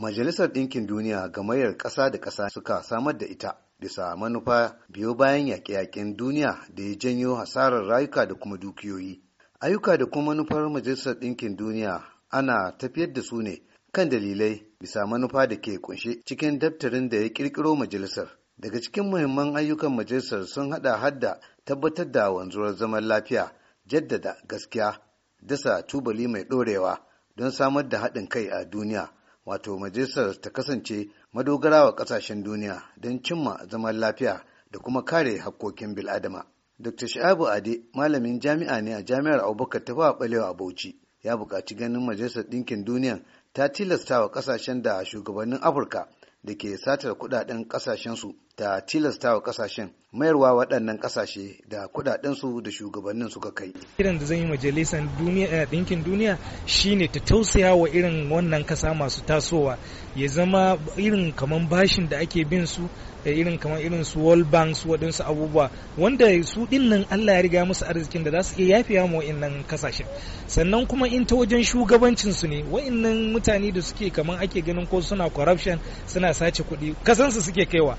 Majalisar Ɗinkin Duniya gamayyar ƙasa da ƙasa suka samar da ita bisa manufa biyo bayan yaƙe-yaƙen duniya da ya janyo hasarar rayuka da kuma dukiyoyi. Ayyuka da kuma manufar Majalisar Ɗinkin Duniya ana tafiyar da su ne kan dalilai bisa manufa da ke kunshe cikin daftarin da ya ƙirƙiro majalisar. Daga cikin muhimman ayyukan majalisar sun haɗa hadda tabbatar da wanzuwar zaman lafiya, jaddada gaskiya, dasa tubali mai ɗorewa don samar da haɗin kai a duniya. wato majalisar ta kasance madogara wa kasashen duniya don cimma zaman lafiya da kuma kare hakkokin bil'adama. Dr. Sha'abu Ade malamin jami'a ne a jami'ar Abubakar ta Balewa a Bauchi ya buƙaci ganin majalisar ɗinkin duniya ta tilasta wa kasashen da shugabannin Afirka da ke satar kudaden kasashensu da wa kasashen mayarwa waɗannan kasashe da kudadensu da shugabannin suka kai. Kiran da zan yi majalisar eh, ɗinkin duniya shine ta tausaya wa irin wannan kasa masu tasowa ya zama irin kamar bashin da ake bin su da eh, irin kamar irin su world bank waɗansu abubuwa wanda su dinnan Allah ya riga musu arzikin da za su iya yafiya ma wa'innan kasashen sannan kuma in ta wajen shugabancin su ne wa'annan mutane da suke kamar ake ganin ko suna corruption suna sace kuɗi kasansu suke kaiwa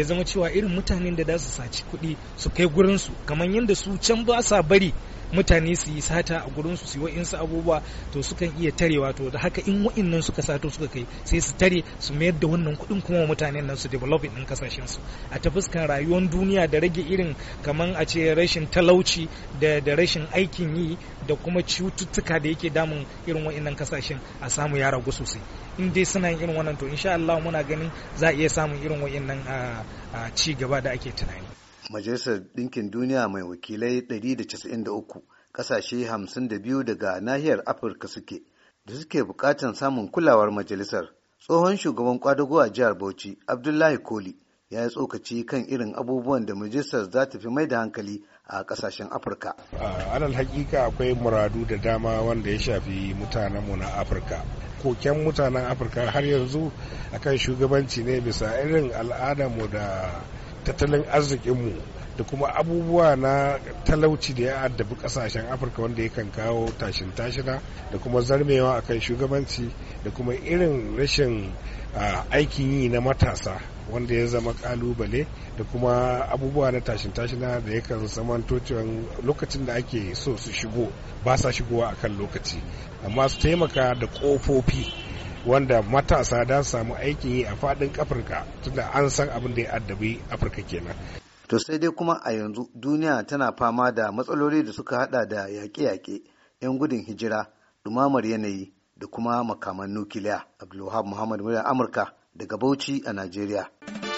ya zama cewa irin mutanen da za su saci kuɗi su kai gurinsu kamar yadda su can ba sa bari mutane su yi sata a gurin su yi su abubuwa to sukan iya tarewa to da haka in wa'innan suka sato suka kai sai su tare su mayar da wannan kuɗin kuma mutanen nan su develop din kasashen su a ta fuskan rayuwar duniya da rage irin kaman a ce rashin talauci da da rashin aikin yi da kuma cututtuka da yake damun irin wa'innan kasashen a samu ya ragu sosai in dai suna yin irin wannan to insha Allah muna ganin za a iya samun irin a ci gaba da ake tunani majalisar ɗinkin duniya mai wakilai 193 ƙasashe 52 daga nahiyar afirka suke da suke buƙatar samun kulawar majalisar tsohon shugaban kwadago a jihar bauchi abdullahi koli ya yi tsokaci kan irin abubuwan da majalisar za ta fi mai da hankali a kasashen afirka alal hakika akwai muradu da dama wanda ya shafi mutanenmu na afirka koken mutanen afirka har yanzu akan shugabanci ne bisa irin al'adarmu da tattalin arzikinmu da kuma abubuwa na talauci da ya addabi kasashen afirka wanda yakan kawo tashin tashina da kuma zarmewa akan shugabanci da kuma irin rashin aikin yi na matasa wanda ya zama kalubale da kuma abubuwa na tashin tashina da kan saman cewa lokacin da ake so su shigo ba sa shigowa akan lokaci amma su taimaka da kofofi wanda matasa da samu aikin yi a faɗin afirka tunda an san abin da ya addabi afirka kenan to sai dai kuma a yanzu duniya tana fama da matsaloli da suka hada da yaƙe-yaƙe 'yan gudun hijira dumamar yanayi da kuma makaman nukiliya abdulwahab muhammad muryar amurka daga bauchi a najeriya